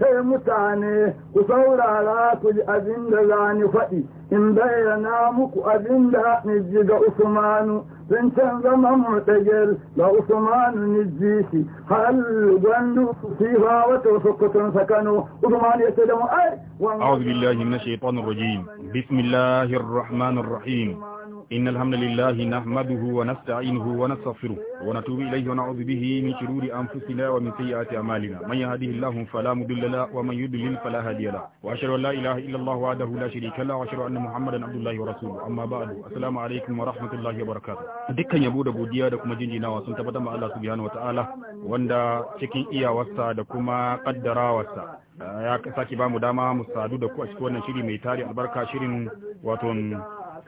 sai mutane ku saurara ku ji abin da za ni faɗi in bayyana muku abin da ji ga usmanu sun can zama murtajar ga usmanu niji shi hal gwandu fiha wata sukutun sakano usmanu ya ce da mu ai أعوذ بالله من الشيطان الرجيم بسم الله الرحمن الرحيم إن الحمد لله نحمده ونستعينه ونستغفره ونتوب إليه ونعوذ به من شرور أنفسنا ومن سيئات أعمالنا من يهده الله فلا مضل له ومن يضلل فلا هادي له وأشهد أن لا إله إلا الله وحده لا شريك له وأشهد أن محمدا عبد الله ورسوله أما بعد السلام عليكم ورحمة الله وبركاته dukkan yabo da godiya da kuma jinjinawa sun tabbatar ma Allah subhanahu wataala wanda cikin iyawarsa da kuma kaddarawarsa ya saki bamu dama mu sadu da ku a cikin wannan shiri mai tari albarka shirin wato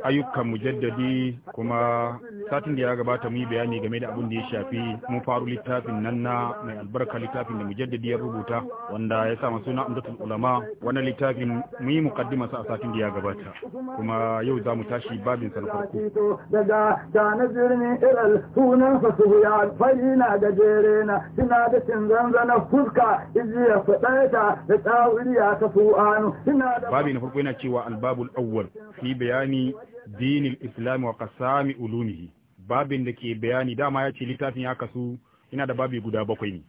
ayyukan mujaddadi kuma satin da ya gabata mu yi bayani game da abin da ya shafi mun faru littafin nan na mai albarka littafin da mujaddadi ya rubuta wanda ya sa suna amdatul ulama wannan littafin mu yi mukaddima sa a satin da ya gabata kuma yau za mu tashi babin sa na farko daga da na jirni sunan sa su ya fari na gajere na ina da cin zanzana fuska ijiya da tsawiriya ta su'anu suna babi na farko yana cewa albabul awwal fi bayani dinin islami wa kasami ulumihi babin da ke bayani dama ya ce littafin ya kasu ina da babi guda bakwai ne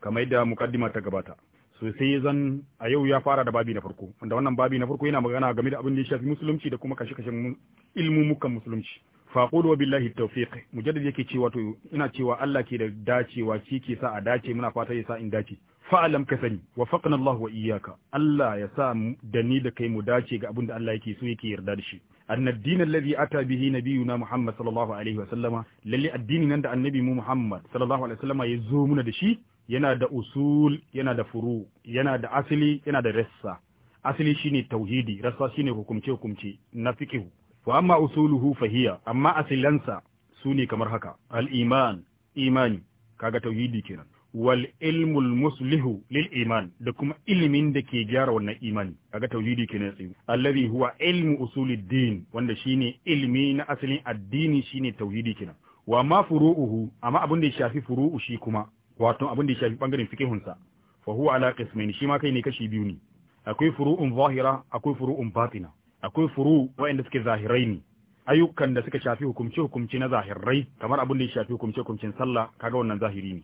kamar yadda mukaddima ta gabata sosai zan a yau ya fara da babi na farko wanda wannan babi na farko yana magana game da abin da ya shafi musulunci da kuma kashe-kashen ilmumukan musulunci faqulu wa billahi tawfiq mujaddid yake cewa to ina cewa Allah ke da dacewa shi ke sa a dace muna fata ya sa in dace alam kasani sani wafaqna Allah wa iyyaka Allah ya sa da ni da kai mu dace ga abin da Allah yake so yake yarda da shi أن الدين الذي أتى به نبينا محمد صلى الله عليه وسلم للي الدين نند النبي محمد صلى الله عليه وسلم يزومنا دشي yana da usul yana da furu yana da asili yana da rasa asili shine tauhidi rassa shine hukumce hukumce na fiqhu wa amma usuluhu fahiya amma asilansa sune kamar haka al iman imani kaga tauhidi kenan wal ilmul muslihu lil iman da kuma ilimin da ke gyara wannan imani kaga tauhidi kenan tsayu allazi huwa ilmu usulid din wanda shine ilmi na asalin addini shine tauhidi kenan wa ma furu'uhu amma abin da ya shafi furu'u shi kuma wato abin da ya shafi bangaren fikihunsa fa huwa ala qismain shi ma kai ne kashi biyu ne akwai furu'un zahira akwai furu'un batina akwai furu waɗanda suke zahirai ne ayyukan da suka shafi hukumce hukumce na zahirai kamar abin da ya shafi hukumce hukumcin sallah kaga wannan zahiri ne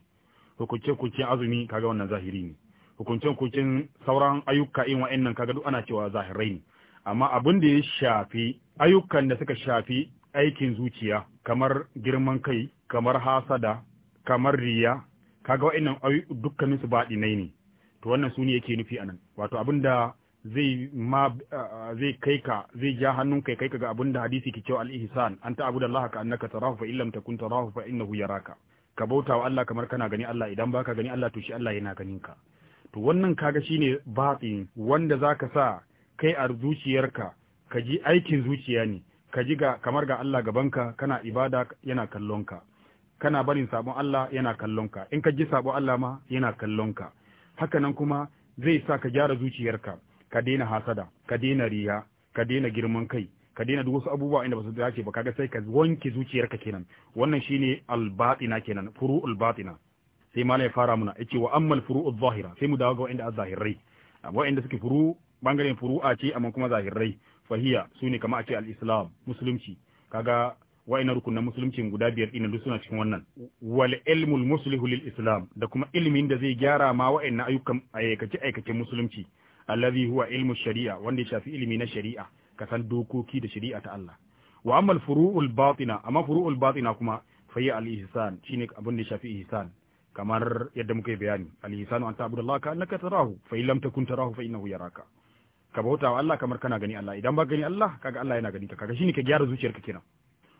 hukunce hukuncin azumi kaga wannan zahiri ne hukunce hukuncin sauran ayyuka in wa'annan kaga duk ana cewa zahirai ne amma abin da ya shafi ayyukan da suka shafi aikin zuciya kamar girman kai kamar hasada kamar riya kaga wa'annan dukkanin su baɗi nai ne to wannan su ne yake nufi anan wato abin da zai ma zai kai ka zai ja hannun kai kai ka ga abin da hadisi ke cewa al-ihsan anta abudallaha ka annaka tarahu fa illam takun tarahu fa innahu yaraka ka bauta wa Allah kamar kana gani Allah idan baka gani Allah to shi Allah yana ganin ka to wannan kaga shine batsi wanda zaka sa kai a zuciyarka ka ji aikin zuciya ne ka ji ga kamar ga Allah gabanka kana ibada yana kallon ka. kana barin sabon Allah yana kallon ka. in ka ji sabon Allah ma yana kallonka haka nan kuma zai sa ka gyara zuciyarka ka daina hasada ka daina riya ka daina girman kai ka daina duk wasu abubuwa inda ba su dace ba kaga sai ka wanke zuciyarka kenan wannan shine al-batina kenan furu'ul batina sai malai fara muna yace wa ammal furu'uz zahira sai mu dawo ga wanda az-zahirai wanda suke furu bangaren furu'a ce amma kuma zahirai fahiya sune kamar a ce al-islam musulunci kaga wa'ina rukunan musulunci guda biyar ina duk suna cikin wannan wal ilmul muslihu lil islam da kuma ilmin da zai gyara ma wa'annan ayyukan aikace aikace musulunci allazi huwa ilmu shari'a wanda ya shafi ilimi na shari'a ka san dokoki da shari'a ta Allah wa amma furu'ul batina amma furu'ul batina kuma fayi al-ihsan shine abin da shafi ihsan kamar yadda muka yi bayani al-ihsanu an ta'budallaha ka annaka tarahu fa in takun tarahu fa innahu yaraka ka bauta wa Allah kamar kana gani Allah idan ba gani Allah kaga Allah yana gani ka kaga shine ka gyara zuciyarka kenan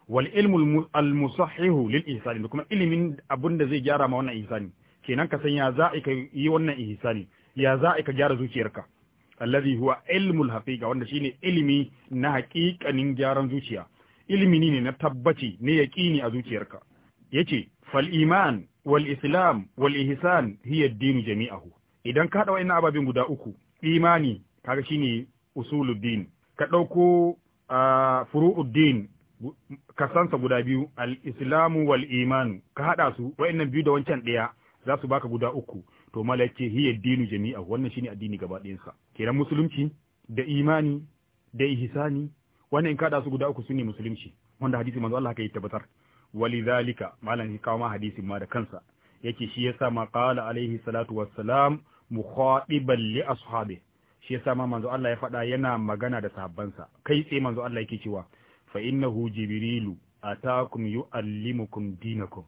wal ilmu al musahhihu lil ihsani da kuma ilimin abin da zai gyara ma wannan ihsani kenan ka san ya za'i ka yi wannan ihsani ya za'i ka gyara zuciyarka alladhi huwa ilmul haqiqa wanda shine ilimi na haƙiƙanin gyaran zuciya ilimi ne na tabbaci ne yaqini a zuciyarka yace fal iman wal islam wal ihsan hiya ad-din jami'ahu idan ka hada wa'annan ababin guda uku imani kaga shine usuluddin ka dauko furu'uddin kasansa guda biyu al-islamu wal iman ka hada su wayannan biyu da wancan daya za su baka guda uku to mallake hiya ad-din jami'ahu wannan shine addini gaba ɗayansa kenan musulunci da imani da ihsani wannan in kada su guda uku sune musulunci wanda hadisi manzo Allah kai tabbatar walizalika malan kawo ma hadisin ma da kansa yake shi yasa ma qala alaihi salatu wassalam mukhadiban li ashabi shi yasa ma manzo Allah ya faɗa yana magana da sahabbansa kai sai manzo Allah yake cewa fa innahu jibrilu atakum yuallimukum dinakum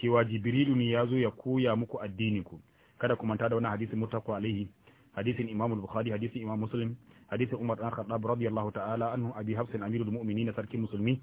cewa jibrilu ne yazo ya koya muku addininku kada ku manta da wannan hadisi mutaqwa alaihi hadisin Imam Bukhari hadisin Imam Muslim hadisin Umar dan Khattab radiyallahu ta'ala anhu Abi Hafs amirul na sarkin musulmi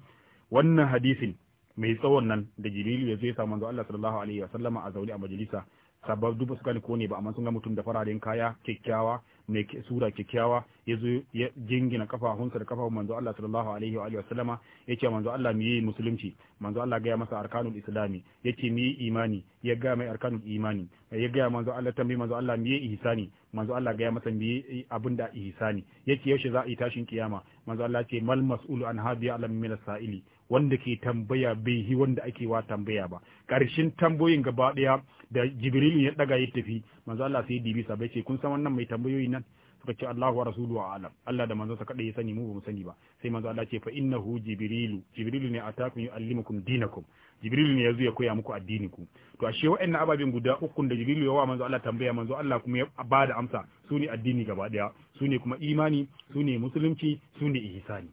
wannan hadisin mai tsawon nan da jibilu ya zo ya samu Allah sallallahu alaihi a zaune a majalisa sabab duba suka ko ne ba amma sun ga mutum da fararen kaya kyakkyawa mai sura kyakkyawa ya zo ya jingina kafafunsa da kafafun manzo Allah sallallahu alaihi wa alihi wasallama yace manzo Allah mu yi musulunci manzo Allah gaya masa arkanul islami yace mu yi imani ya gaya mai arkanul imani ya gaya manzo Allah tambayi manzo Allah mu yi ihsani manzo Allah gaya masa mu yi abinda ihsani yace yaushe za a yi tashin kiyama manzo Allah ce mal mas'ulu an hadiya alam min as-sa'ili wanda ke tambaya bai yi wanda ake wa tambaya ba ƙarshen tambayoyin gaba ɗaya da jibrilu ya daga ya tafi manzo Allah sai dibi sa bai ce kun san wannan mai tambayoyi nan suka ce Allahu wa rasulu wa alam Allah da manzo sa kada ya sani mu ba mu sani ba sai manzo Allah ce fa innahu jibrilu jibrilu ne atakum yuallimukum dinakum jibrilu ne yazo ya koya muku addini ku to ashe wa'annan ababen guda uku da jibrilu ya wa manzo Allah tambaya manzo Allah kuma ya bada amsa su ne addini gaba daya su ne kuma imani su ne musulunci su ne ihsani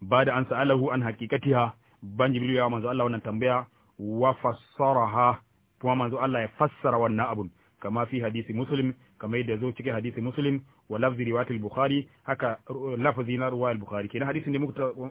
ba da an sa'alahu an hakikatiha ban jibril ya manzo Allah wannan tambaya wa fassaraha kuma manzo Allah ya fassara wannan abun kama fi hadisi muslim kama yadda zo cikin hadisi muslim wa lafzi riwayatul bukhari haka uh, lafzi na riwayat bukhari kenan hadisin da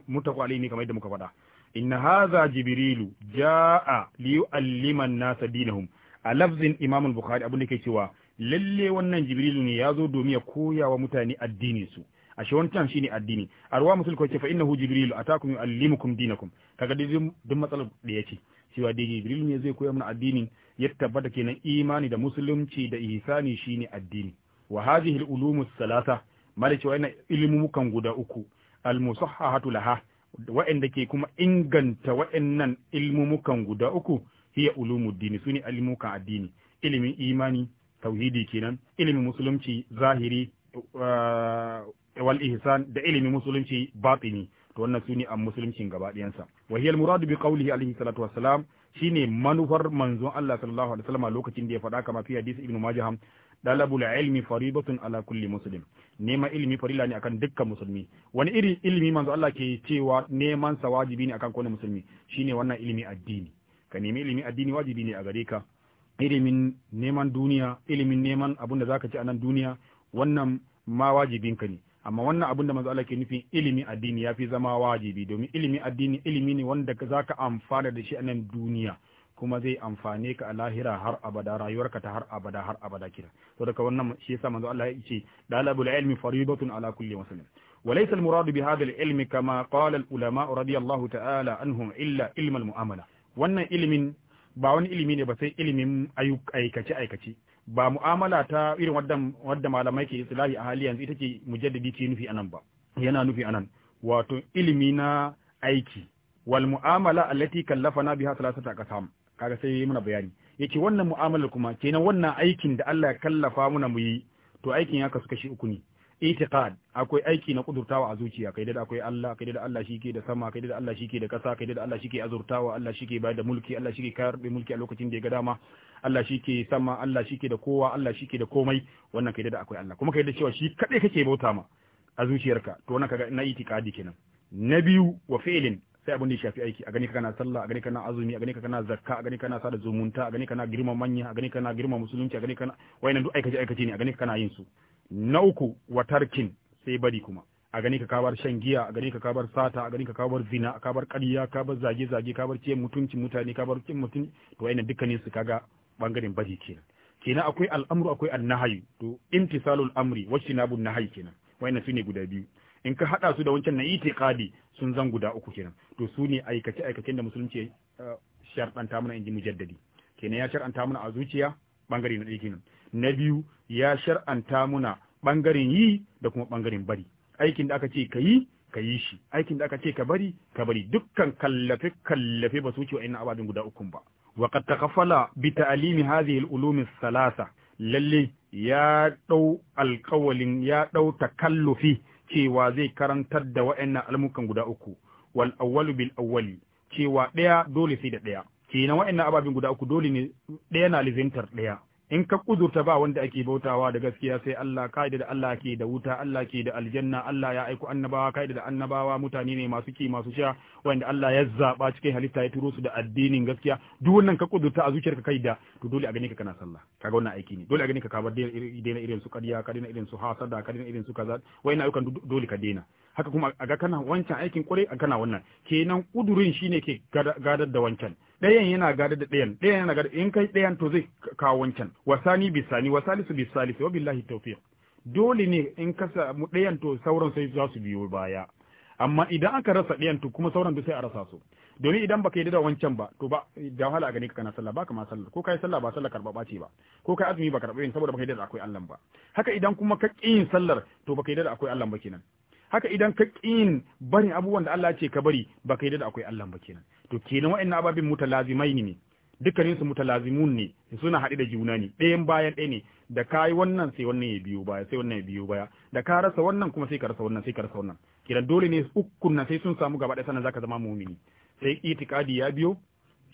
mutaku alayhi kama yadda muka faɗa inna hadha jibrilu jaa li yu'allima an-nasa dinahum a lafzin imam bukhari abin da yake cewa lalle wannan jibrilu ne ya zo domin ya koya wa mutane addinin su ashe wancan shine addini arwa musul ko ce fa innahu jibril atakum yuallimukum dinakum kaga dai duk matsalar da yace cewa dai jibril ne zai koya mana addini ya tabbata kenan imani da musulunci da ihsani shine addini wa hadhihi al-ulum as-salasa mala cewa ilmukan guda uku al-musahhahatu laha wa'anda ke kuma inganta wa'annan ilmumukan guda uku hiya ulumuddini sune ilmukan addini ilimin imani tauhidi kenan ilimin musulunci zahiri uh, wal ihsan da ilimin musulunci batini to wannan sune an musulunci gaba ɗayansa wa hiya al murad bi qawlihi alayhi salatu wassalam shine manufar manzon Allah sallallahu alaihi wasallam lokacin da ya faɗa kama fi hadisi ibn majah dalabul ilmi faridatun ala kulli muslim nema ilmi farila ne akan dukkan musulmi wani irin ilmi manzo Allah ke cewa neman sa wajibi ne akan kowane musulmi shine wannan ilmi addini ka nemi ilmi addini wajibi ne a gare ka ilimin neman duniya ilimin neman abin da zaka ci a nan duniya wannan ma wajibin ka ne amma wannan abin da manzo Allah ke nufi ilimi addini ya fi zama wajibi domin ilimi addini ilimi ne wanda za ka amfana da shi a nan duniya kuma zai amfane ka a lahira har abada rayuwarka ta har abada har abada kira to daga wannan shi yasa manzo Allah ya ce dalabul ilmi faridatun ala kulli muslim وليس المراد بهذا العلم كما قال العلماء رضي الله تعالى عنهم illa علم mu'amala wannan ilimin ba wani ilimi ne ba sai ilimin aikace aikace ba mu'amala ta irin wadda malamai ke islahi a hali yanzu ita ce mujaddadi ce nufi anan ba yana nufi anan wato ilimi na aiki wal mu'amala allati kallafana biha thalathata aqsam kaga sai muna bayani yace wannan mu'amalar kuma kenan wannan aikin da Allah ya kallafa muna mu yi to aikin ya kasu kashi uku ne itiqad akwai aiki na kudurtawa a zuciya kai da akwai Allah kai da Allah shike da sama kai da Allah shike da kasa kai da Allah shike azurtawa Allah shike bayar da mulki Allah shike kayar da mulki a lokacin da ya ga dama Allah shike sama Allah shike da kowa Allah shike da komai wannan kai da akwai Allah kuma kai da cewa shi kadai kake bauta ma a zuciyarka to wannan kaga na itiqadi kenan na biyu wa fi'lin sai abin da ya shafi aiki a gani kana sallah a gani kana azumi a gani kana zakka a gani kana sada zumunta a gani kana girma manya a gani kana girma musulunci a gani kana wayannan duk aikace aikace ne a gani kana yin su na uku wa tarkin sai bari kuma a gani ka kabar shan giya a gani ka kabar sata a gani ka kabar zina a kabar ƙarya kabar zage zage kabar ce mutunci mutane kabar cin mutun to wayannan dukkanin su kaga bangaren bari kenan kenan akwai al'amru akwai annahayi to imtisalul amri wajtinabun nahayi kenan wayannan sune guda biyu in ka hada su da wancan na itiqadi sun zan guda uku kenan to su ne aikace aikacen da musulunci ya eh, sharɗanta mana ji mujaddadi kenan ya sharɗanta mana a zuciya bangare na ɗaya na biyu ya shar'anta muna ɓangaren yi da kuma bangaren bari aikin da aka ce ka yi ka yi shi aikin da aka ce ka bari ka bari dukkan kallafe kallafe ba su ce wa'annan abadin guda ukun ba wa qad taqaffala bi ta'limi hadhihi al-ulum thalatha lalle ya dau alqawlin ya dau takallufi cewa zai karantar da wa'annan almukan guda uku wal awwalu bil awwali cewa daya dole sai da daya kenan wa'annan ababen guda uku dole ne ɗaya na lizintar ɗaya in ka kudurta ba wanda ake bautawa da gaskiya sai Allah kaida da Allah ke da wuta Allah ke da aljanna Allah ya aiko annabawa kaida da annabawa mutane ne masu ki masu sha wanda Allah ya zaba cikin halitta ya turo su da addinin gaskiya duk wannan ka kudurta a zuciyarka kaida to dole a gane ka kana sallah kaga wannan aiki ne dole a gane ka kabar daina irin su kariya ka daina irin su hasada ka daina irin su kaza wayannan ayyukan dole ka daina haka kuma a ga kana wancan aikin kure a kana wannan kenan kudurin shine ke gadar da wancan ɗayan yana gada da ɗayan ɗayan yana gada in kai ɗayan to zai kawo wancan wasani bisani wasalisu bisalisi wa billahi tawfiq dole ne in ka samu ɗayan to sauran sai za su biyo baya amma idan aka rasa ɗayan to kuma sauran duk sai a rasa su domin idan baka yi da wancan ba to ba da wahala a gani ka kana sallah baka ma sallah ko kai sallah ba sallah karba ce ba ko kai azumi ba karba yin saboda baka yi da akwai Allah ba haka idan kuma ka ƙi yin sallar to baka yi da akwai Allah ba kenan haka idan ka ƙi yin barin abubuwan da Allah ya ce ka bari baka yi da akwai Allah ba kenan to kenan wa'annan ababin mutalazimai ne dukkanin su mutalazimun ne suna haɗe da juna ne ɗayan bayan ɗaya ne da ka wannan sai wannan ya biyo baya sai wannan ya biyo baya da ka rasa wannan kuma sai ka rasa wannan sai ka rasa wannan kiran dole ne ukun nan sai sun samu gaba ɗaya sannan zaka zama mumini sai itikadi ya biyo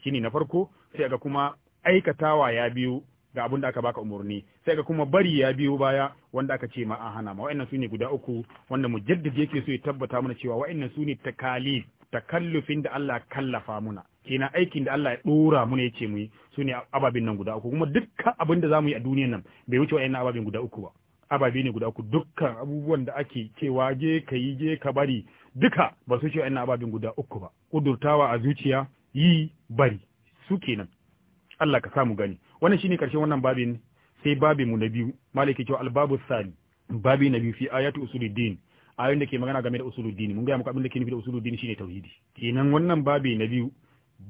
shine na farko sai ga kuma aikatawa ya biyo ga abin da aka baka umarni sai ga kuma bari ya biyo baya wanda aka ce ma an hana ma wa'annan sune guda uku wanda mujaddid yake so ya tabbata mana cewa wa'annan sune takalif takallufin da Allah kallafa muna kenan aikin da Allah ya dora muna yace mu yi sune ababin nan guda uku kuma dukkan abin da zamu yi a duniyar nan bai wuce wayannan ababin guda uku ba ababi ne guda uku dukkan abubuwan da ake cewa je ka yi je ka bari duka ba su ce wayannan ababin guda uku ba kudurtawa a zuciya yi bari su kenan Allah ka mu gani wannan shine karshen wannan babin sai babin mu na biyu malaki cewa albabu sani babi na biyu fi ayatu usuluddin ayoyin da ke magana game da dini mun gaya muku abin da ke nufi da dini shine tauhidi kenan wannan babi na biyu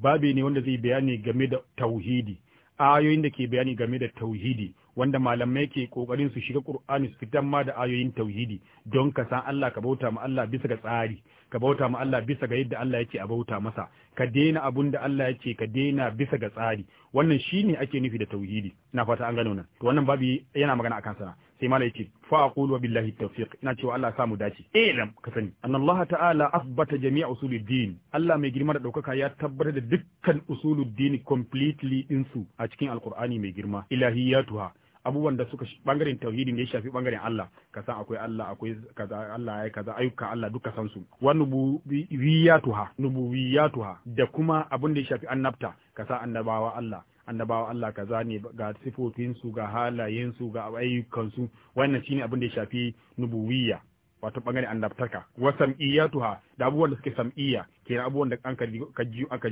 babi ne wanda zai bayani game da tauhidi ayoyin da ke bayani game da tauhidi wanda malamai ke kokarin su shiga Qur'ani su fitar ma da ayoyin tauhidi don ka san Allah ka bauta ma Allah bisa ga tsari ka bauta ma Allah bisa ga yadda Allah yake a bauta masa ka daina abun da Allah yake ka daina bisa ga tsari wannan shine ake nufi da tauhidi na fata an gano nan to wannan babu yana magana akan sana sai mala yace fa aqulu wa billahi tawfiq ina cewa Allah ya samu dace ilam ka sani annallaha ta'ala asbata jami'a usuluddin Allah mai girma da daukaka ya tabbatar da dukkan usuluddin completely din su a cikin alqur'ani mai girma ilahiyatuha abubuwan da suka bangaren tauhidi ne ya shafi bangaren Allah ka san akwai Allah akwai kaza Allah ya kaza ayyuka Allah duka san su wa nubuwiyatuha nubuwiyatuha da kuma abin da ya shafi annabta ka san annabawa Allah annabawa Allah kaza ne ga sifofinsu ga halayensu ga ayyukansu wannan shine abin da ya shafi nubuwiyya wato bangare annabtaka wa sam'iyatuha da abubuwan da suke sam'iyya kenan abubuwan da an ka jiyo aka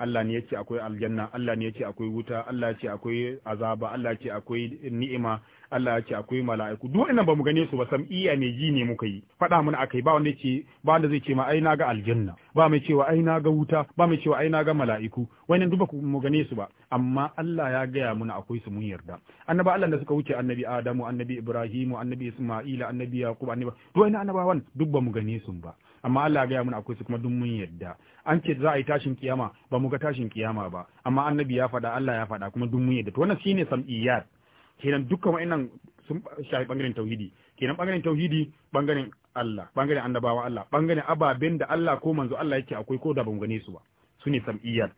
Allah ne ce akwai aljanna Allah ne ce akwai wuta Allah ce akwai azaba Allah ce akwai ni'ima Allah ce akwai mala'iku duk wannan mu gane su ba sam iya ne ji ne muka yi faɗa mana akai ba wanda ce ba wanda zai ce ma ai na ga aljanna ba mai cewa ai na ga wuta ba mai cewa ai na ga mala'iku wannan duk mu gane su ba amma Allah ya gaya mun akwai su mun yarda annaba Allah da suka wuce annabi Adamu annabi Ibrahimu annabi Isma'ila annabi Yaqub annabi duk wannan annabawan duk mu gane su ba amma Allah ya gaya mun akwai su kuma duk mun yadda an ce za a yi tashin kiyama ba mu ga tashin kiyama ba amma annabi ya faɗa Allah ya faɗa kuma duk mun yadda to wannan shine sam'iyyat kenan dukkan wa'annan sun shafi bangaren tauhidi kenan bangaren tauhidi bangaren Allah bangaren annabawa Allah bangaren ababen da Allah ko manzo Allah yake akwai ko da ban gane su ba sune sam'iyyat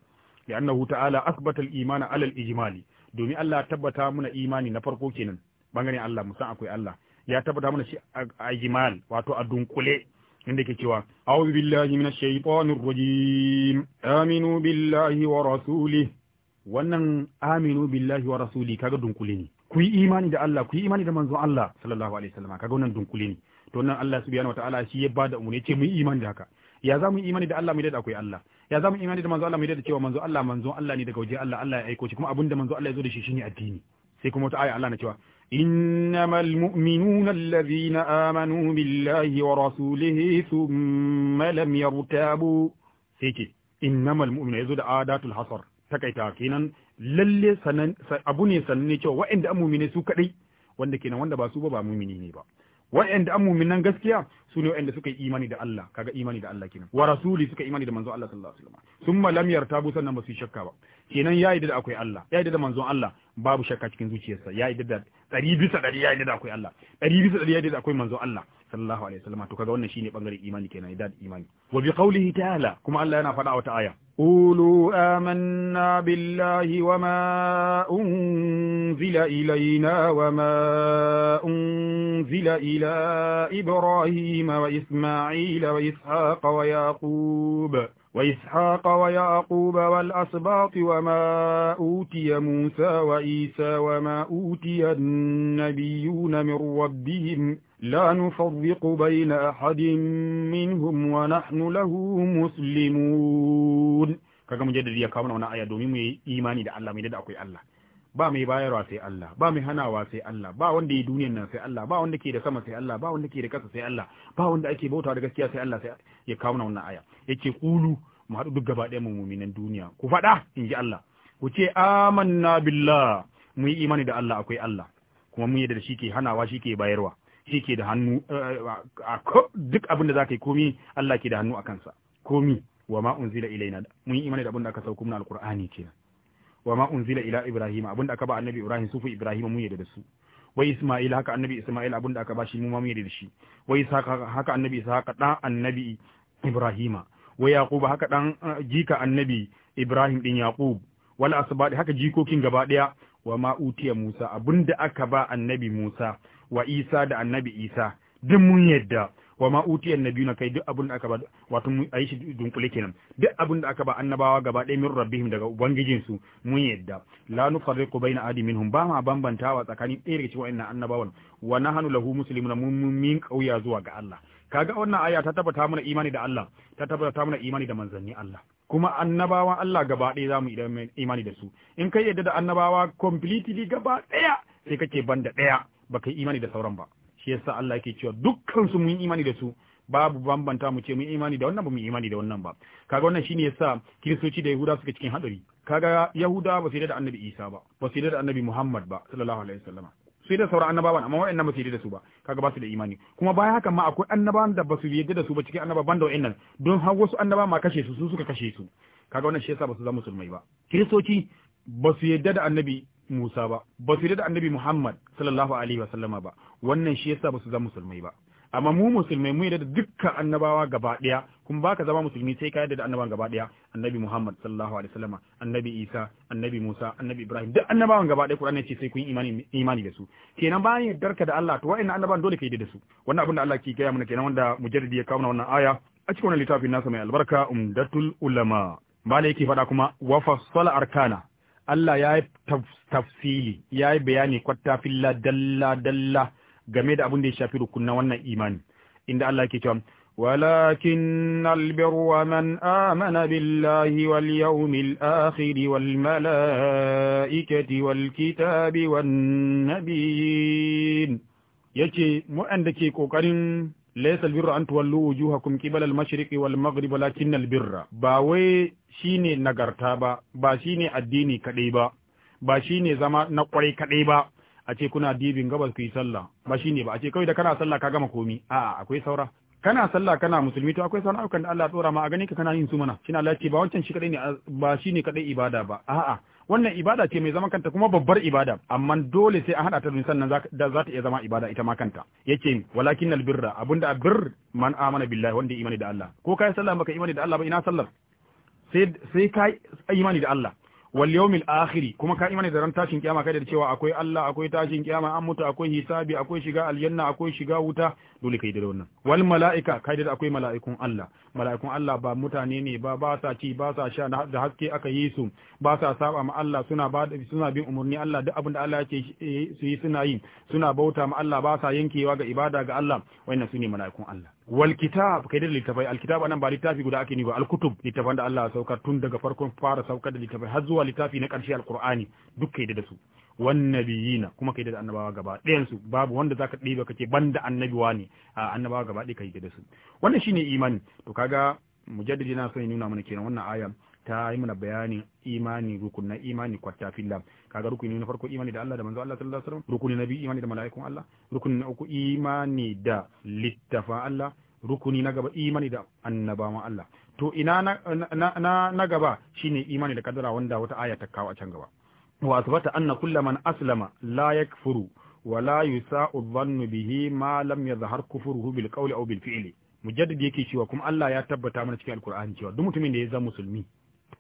li'annahu ta'ala asbata al-imana 'ala al-ijmali domin Allah tabbata muna imani na farko kenan bangaren Allah musan akwai Allah ya tabbata mana shi a jimal wato a dunkule عندك كتوى أعوذ بالله من الشيطان الرجيم آمنوا بالله ورسوله wannan aminu billahi wa rasuli kaga dunkule ne ku yi imani da Allah ku yi imani da manzon Allah sallallahu alaihi wasallam kaga wannan dunkule ne to wannan Allah subhanahu ta'ala shi ya bada umurni ce mu yi imani da haka ya za mu yi imani da Allah mu da akwai Allah ya za mu yi imani da manzon Allah mu da cewa manzon Allah manzon Allah ne daga waje Allah Allah ya aiko shi kuma abinda manzon Allah ya zo da shi shine addini sai kuma wata aya Allah na cewa إنما المؤمنون الذين آمنوا بالله ورسوله ثم لم يرتابوا سيكي إنما المؤمنون يزود آدات الحصر تكايتا تاكينا للي سنن سأبني sananne وإن waɗanda من mumine وإن kaɗai وإن kenan wanda ba با wa'anda an mu'minan gaskiya su ne wa'anda suka yi imani da Allah kaga imani da Allah kenan wa rasuli suka imani da manzon Allah sallallahu alaihi wasallam summa lam yartabu sannan ba su shakka ba kenan ya yadda da akwai Allah ya yadda da manzon Allah babu shakka cikin zuciyarsa ya yadda da ɗari bisa ɗari ya yadda da akwai Allah ɗari bisa ɗari ya yadda da akwai manzon Allah sallallahu alaihi wasallam to kaga wannan shine bangaren imani kenan idan da imani wa bi qawlihi ta'ala kuma Allah yana faɗa wata aya قولوا آمنا بالله وما أنزل إلينا وما أنزل إلى إبراهيم وإسماعيل وإسحاق ويعقوب وإسحاق ويعقوب والأسباط وما أوتي موسى وإيسى وما أوتي النبيون من ربهم لا نفرق بين أحد منهم ونحن له مسلمون kaga mun jaddadi ya kawo wannan aya domin mu yi imani da Allah mai da akwai Allah ba mai bayarwa sai Allah ba mai hanawa sai Allah ba wanda yi duniyar nan sai Allah ba wanda ke da sama sai Allah ba wanda ke da ƙasa sai Allah ba wanda ake bauta da gaskiya sai Allah sai ya kawo wannan aya yake kulu mu haɗu duk gaba ɗayan mu mu'minan duniya ku faɗa in ji Allah ku ce amanna billah mu yi imani da Allah akwai Allah kuma mun da shi ke hanawa shi ke bayarwa shi ke da hannu eh, eh, duk abin da za ka yi komi Allah ke da hannu a kansa komi wa ma unzila ilaina mun yi imani da abin da aka sauko mun alqur'ani kenan wa ma unzila ila ibrahim abin da aka ba annabi ibrahim sufu ibrahim mun yarda da su wa isma'il haka annabi isma'il abin da aka ba shi mu ma mun yarda da shi wa isa haka annabi isa haka dan annabi ibrahima wa yaqub haka dan eh, jika annabi ibrahim din yaqub wal asbad haka jikokin gaba daya wa ma utiya Musa abinda aka ba annabi Musa wa Isa da annabi Isa duk mun yadda wa ma utiya na kai duk abinda aka ba wato mun ayi shi dunkule kenan duk abinda aka ba annabawa gaba ɗaya min rabbihim daga ubangijin su mun yadda la nufarriqu baina adi minhum ba ma bambantawa tsakanin ɗaya daga cikin wa'annan annabawan wa nahnu lahu muslimuna mun min kauya zuwa ga Allah kaga wannan aya ta tabbata mana imani da Allah ta tabbata mana imani da manzanni Allah kuma annabawan Allah gaba ɗaya za mu imani da su in kai yadda da annabawa completely gaba ɗaya sai kake banda ɗaya ba kai imani da sauran ba shi yasa Allah yake cewa dukkan mun imani da su babu bambanta mu ce mun imani da wannan ba mu imani da wannan ba kaga wannan shine yasa kiristoci da yahuda suke cikin hadari kaga yahuda ba su yarda da annabi Isa ba ba su yarda da annabi Muhammad ba sallallahu alaihi wasallama sai da sauran annabawan amma wa'annan ba su yarda da su ba kaga ba su da imani kuma baya haka ma akwai annabawan da ba su yarda da su ba cikin annaba banda wa'annan don har wasu annaba ma kashe su su suka kashe su kaga wannan shi yasa ba su zama musulmai ba kiristoci ba su yarda da annabi Musa ba ba su yarda da annabi Muhammad sallallahu alaihi wa sallama ba wannan shi yasa ba su zama musulmai ba amma mu musulmai mu yi da dukkan annabawa gaba daya kuma baka zama musulmi sai ka yadda da annabawan gaba daya annabi Muhammad sallallahu alaihi wasallam annabi Isa annabi Musa annabi Ibrahim duk annabawan gaba daya Qur'ani ce sai kun imani imani da su kenan bayan yardarka da Allah to wa'annan annabawan dole ka yi da su wannan abin da Allah ke gaya mana kenan wanda mujaddidi ya kawo wannan aya a cikin wannan littafin nasa mai albarka umdatul ulama malai yake fada kuma wa fasala arkana Allah ya yi tafsili ya yi bayani kwatta filla dalla dalla game da abin da ya shafi rukun wannan imani inda Allah ke cewa walakin albiru wa man amana billahi wal yawmil akhir wal malaikati wal kitabi wan nabiyin yace mu an dake kokarin laysa albiru an tuwallu wujuhakum qibala al mashriq wal maghrib walakin al birra ba wai shine nagarta ba ba shine addini kadai ba ba shine zama na kwarai kadai ba a ce kuna dibin gabas ku yi sallah ba shi ne ba a ce kawai da kana sallah ka gama komi a'a akwai saura kana sallah kana musulmi to akwai sauran ayyukan da Allah tsora ma a gani ka kana yin su mana shi Allah ce ba wancan shi kadai ne ba shi ne kadai ibada ba a'a wannan ibada ce mai zaman kanta kuma babbar ibada amma dole sai an hada ta dun sannan da za ta iya zama ibada ita ma kanta yace walakin albirra abunda abir man amana billahi wanda imani da Allah ko kai sallah maka imani da Allah ba ina sallar sai sai kai imani da Allah wal yawmil akhir kuma ka imani da ran tashin kiyama kai da cewa akwai Allah akwai tashin kiyama an mutu akwai hisabi akwai shiga aljanna akwai shiga wuta dole kai da wannan wal mala'ika kai da akwai mala'ikun Allah mala'ikun Allah ba mutane ne ba ba sa ci ba sa sha da haske aka yi su ba sa saba ma Allah suna suna bin umurni Allah duk abin da Allah yake su yi suna yi suna bauta ma Allah ba sa yankewa ga ibada ga Allah wannan sune mala'ikun Allah wal kitab kai da littafai al kitab anan ba littafi guda ake ni ba al kutub littafan da Allah ya saukar tun daga farkon fara saukar da littafai har zuwa littafi na ƙarshe al qur'ani duk kai da su wannabiyina kuma kai da annabawa gaba ɗayan su babu wanda zaka ɗiba kace banda annabiwa ne annabawa gaba ɗaya kai da su wannan shine imani to kaga mujaddidi na so ya nuna mana kenan wannan aya ta yi mana bayanin imani rukun na imani kwarta filla kaga rukuni na farko imani da Allah da manzo Allah sallallahu alaihi wasallam rukuni na biyu imani da mala'ikun Allah rukuni na uku imani da littafa Allah rukuni na gaba imani da annabawa Allah to ina na na, na, na gaba shine imani da kadara wanda wata aya ta kawo a can gaba wa tabbata anna kulla man aslama la yakfuru wa la yusa'u dhannu bihi ma lam yadhhar kufruhu bil qawli aw bil fi'li mujaddid yake cewa kuma Allah ya tabbata mana cikin alqur'ani cewa duk mutumin da ya zama musulmi